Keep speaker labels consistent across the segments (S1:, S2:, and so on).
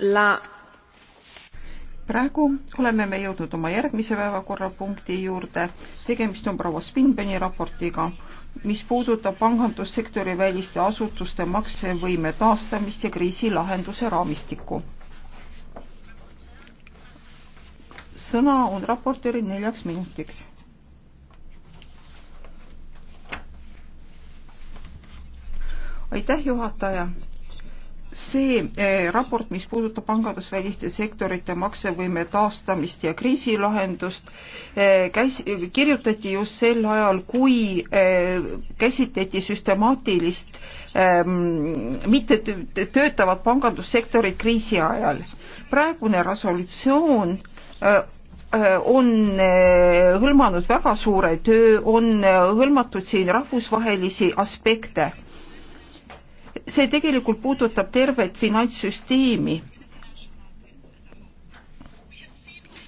S1: la praegu oleme me jõudnud oma järgmise päevakorrapunkti juurde. tegemist on proua Spinbeni raportiga, mis puudutab pangandussektori väliste asutuste maksevõime taastamist ja kriisilahenduse raamistikku. sõna on raportööril neljaks minutiks. aitäh, juhataja see eh, raport, mis puudutab pangandusväliste sektorite maksevõime taastamist ja kriisilahendust, eh, käis, kirjutati just sel ajal, kui eh, käsitleti süstemaatilist ehm, mitte töötavat pangandussektorit kriisi ajal. praegune resolutsioon on hõlmanud väga suure töö, on hõlmatud siin rahvusvahelisi aspekte see tegelikult puudutab tervet finantssüsteemi.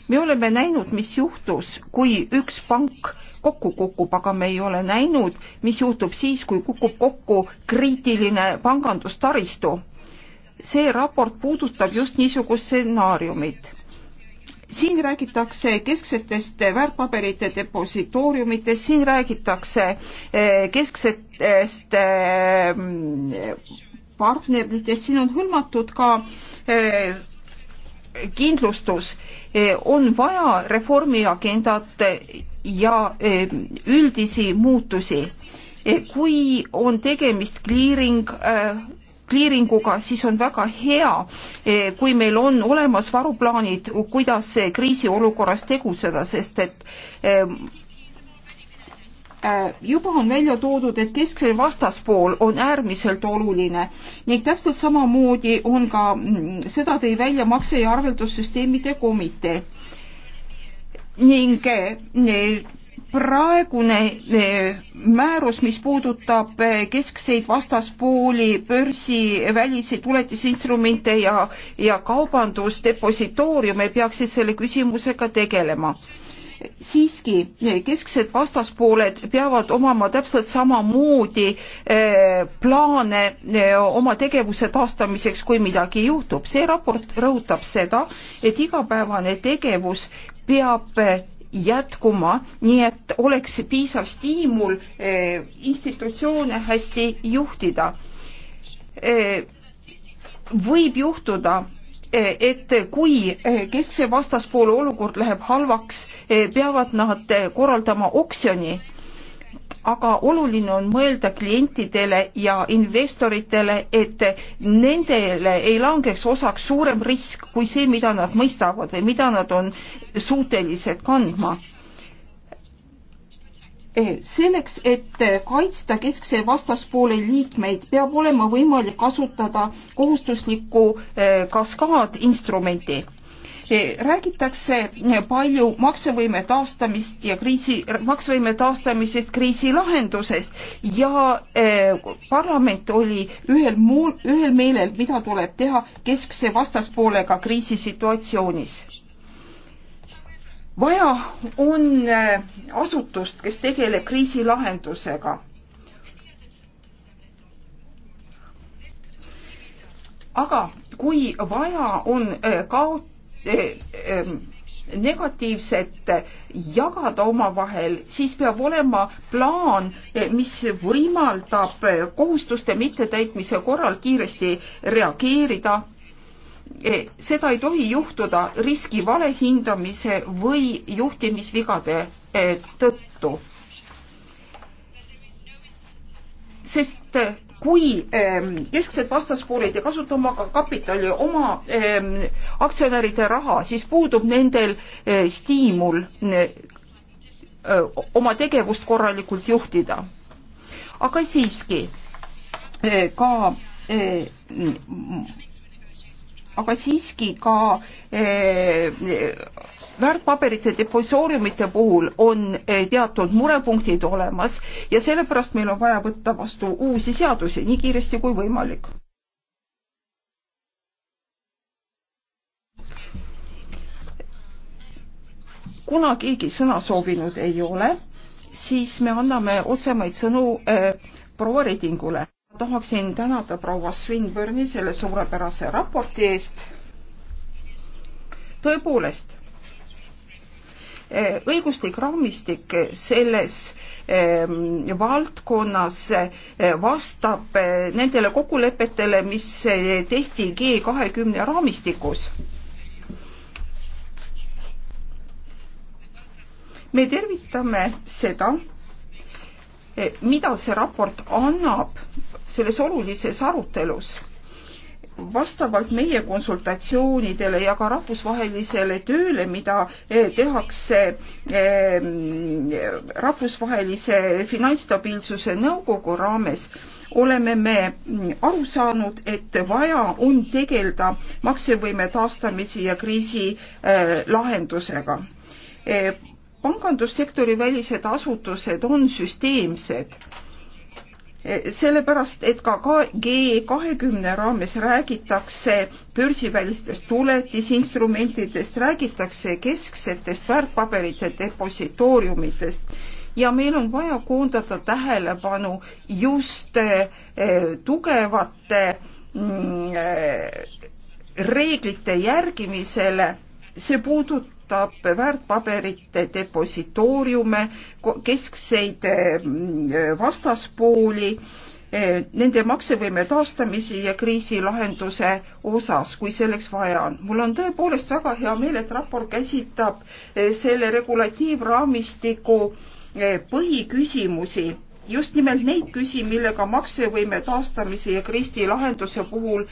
S1: me oleme näinud, mis juhtus, kui üks pank kokku kukub, aga me ei ole näinud, mis juhtub siis, kui kukub kokku kriitiline pangandustaristu. see raport puudutab just niisugust stsenaariumit siin räägitakse kesksetest väärtpaberite depositooriumitest, siin räägitakse eh, kesksetest eh, partneritest, siin on hõlmatud ka eh, kindlustus, on vaja reformiagendat ja üldisi muutusi. kui on tegemist clearing kliiringuga, siis on väga hea, eh, kui meil on olemas varuplaanid, kuidas kriisiolukorras tegutseda, sest et eh, eh, juba on välja toodud, et kesksel vastaspool on äärmiselt oluline ning täpselt samamoodi on ka, mm, seda tõi välja makse- ja arveldussüsteemide komitee ning praegune eh, määrus, mis puudutab eh, keskseid vastaspooli, börsiväliseid uletisinstrumente ja, ja kaubandusdepositooriume, peaksid selle küsimusega tegelema siiski eh, kesksed vastaspooled peavad omama täpselt samamoodi plaane oma tegevuse taastamiseks, kui midagi juhtub. see raport rõhutab seda, et igapäevane tegevus peab jätkuma, nii et oleks piisav stiimul eh, institutsioone hästi juhtida. Eh, võib juhtuda, eh, et kui keskse vastaspoole olukord läheb halvaks, peavad nad korraldama oksjoni aga oluline on mõelda klientidele ja investoritele, et nendele ei langeks osaks suurem risk kui see, mida nad mõistavad või mida nad on suutelised kandma eh, selleks, et kaitsta keskse vastaspoole liikmeid, peab olema võimalik kasutada kohustuslikku eh, kaskaadinstrumenti räägitakse palju maksevõime taastamist ja kriisi, maksevõime taastamisest, kriisi lahendusest ja eh, parlament oli ühel muul, ühel meelel, mida tuleb teha keskse vastaspoolega kriisisituatsioonis. vaja on eh, asutust, kes tegeleb kriisi lahendusega aga kui vaja on eh, kaot-, Eh, eh, negatiivset jagada omavahel, siis peab olema plaan, eh, mis võimaldab kohustuste mittetäitmise korral kiiresti reageerida. seda ei tohi juhtuda riski valehindamise või juhtimisvigade tõttu sest äh, kui ähm, kesksed vastaspooled ei kasuta oma kapitali, oma ähm, aktsionäride raha, siis puudub nendel äh, stiimul äh, oma tegevust korralikult juhtida. aga siiski ka aga siiski ka eh, väärtpaberite depositooriumite puhul on eh, teatud murepunktid olemas ja sellepärast meil on vaja võtta vastu uusi seadusi nii kiiresti kui võimalik. kuna keegi sõna soovinud ei ole, siis me anname otsemaid sõnu äh, proua Redingule tahaksin tänada proua Swinburne'i selle suurepärase raporti eest. tõepoolest, eh, õiguslik raamistik selles eh, valdkonnas eh, vastab nendele kokkulepetele, mis tehti G kahekümne raamistikus. me tervitame seda mida see raport annab selles olulises arutelus. vastavalt meie konsultatsioonidele ja ka rahvusvahelisele tööle, mida eh, tehakse eh, rahvusvahelise finantsstabiilsuse nõukogu raames, oleme me mm, aru saanud, et vaja on tegeleda maksevõime taastamise ja kriisi eh, lahendusega pangandussektori välised asutused on süsteemsed e, sellepärast, et ka G kahekümne raames räägitakse börsivälistest tuletisinstrumentidest, räägitakse kesksetest väärtpaberite depositooriumitest ja meil on vaja koondada tähelepanu just e, tugevate mm, e, reeglite järgimisele, see puudutab puudutab väärtpaberite depositooriume, keskseid mm, vastaspooli, eh, nende maksevõime taastamise ja kriisilahenduse osas, kui selleks vaja on. mul on tõepoolest väga hea meel, et raport käsitleb eh, selle regulatiivraamistiku eh, põhiküsimusi just nimelt neid küsimusi, millega maksevõime taastamise ja kriisi lahenduse puhul,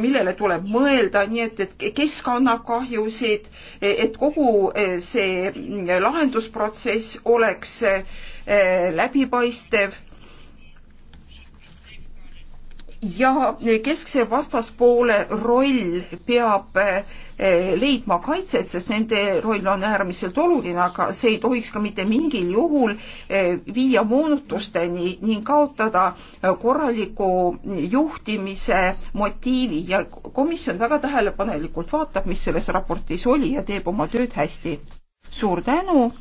S1: millele tuleb mõelda, nii et, et kes kannab kahjusid, et kogu eh, see lahendusprotsess oleks eh, läbipaistev ja keskse vastaspoole roll peab eh, leidma kaitset, sest nende roll on äärmiselt oluline, aga see ei tohiks ka mitte mingil juhul eh, viia moonutusteni ning kaotada eh, korraliku juhtimise motiivi ja komisjon väga tähelepanelikult vaatab, mis selles raportis oli ja teeb oma tööd hästi. suur tänu.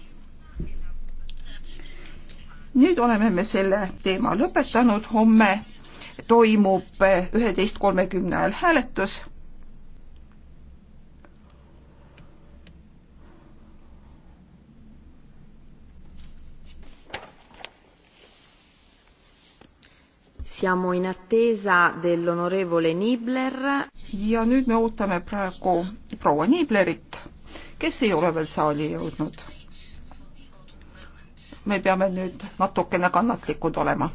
S1: nüüd oleme me selle teema lõpetanud, homme toimub üheteist kolmekümne ajal hääletus. Siamo in attesa dell'onorevole Nibler. ja nüüd me ootame praegu proua Niblerit, kes ei ole veel saali jõudnud. me peame nüüd natukene kannatlikud olema